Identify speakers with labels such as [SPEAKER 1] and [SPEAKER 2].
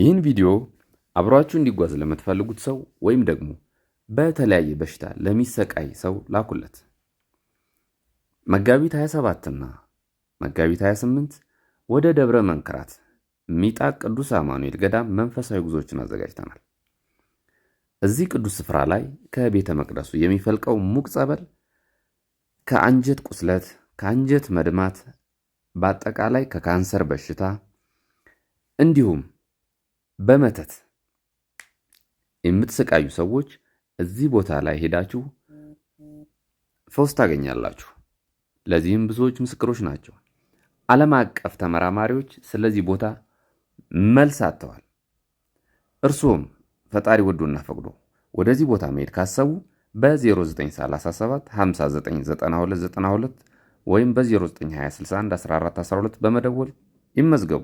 [SPEAKER 1] ይህን ቪዲዮ አብሯችሁ እንዲጓዝ ለምትፈልጉት ሰው ወይም ደግሞ በተለያየ በሽታ ለሚሰቃይ ሰው ላኩለት። መጋቢት 27 እና መጋቢት 28 ወደ ደብረ መንከራት ሚጣ ቅዱስ አማኑኤል ገዳም መንፈሳዊ ጉዞዎችን አዘጋጅተናል። እዚህ ቅዱስ ስፍራ ላይ ከቤተ መቅደሱ የሚፈልቀው ሙቅ ጸበል ከአንጀት ቁስለት፣ ከአንጀት መድማት፣ በአጠቃላይ ከካንሰር በሽታ እንዲሁም በመተት የምትሰቃዩ ሰዎች እዚህ ቦታ ላይ ሄዳችሁ ፈውስ ታገኛላችሁ። ለዚህም ብዙዎች ምስክሮች ናቸው። ዓለም አቀፍ ተመራማሪዎች ስለዚህ ቦታ መልስ አጥተዋል። እርስዎም ፈጣሪ ወዶና ፈቅዶ ወደዚህ ቦታ መሄድ ካሰቡ በ0937 599292 ወይም በ0920611412 በመደወል ይመዝገቡ።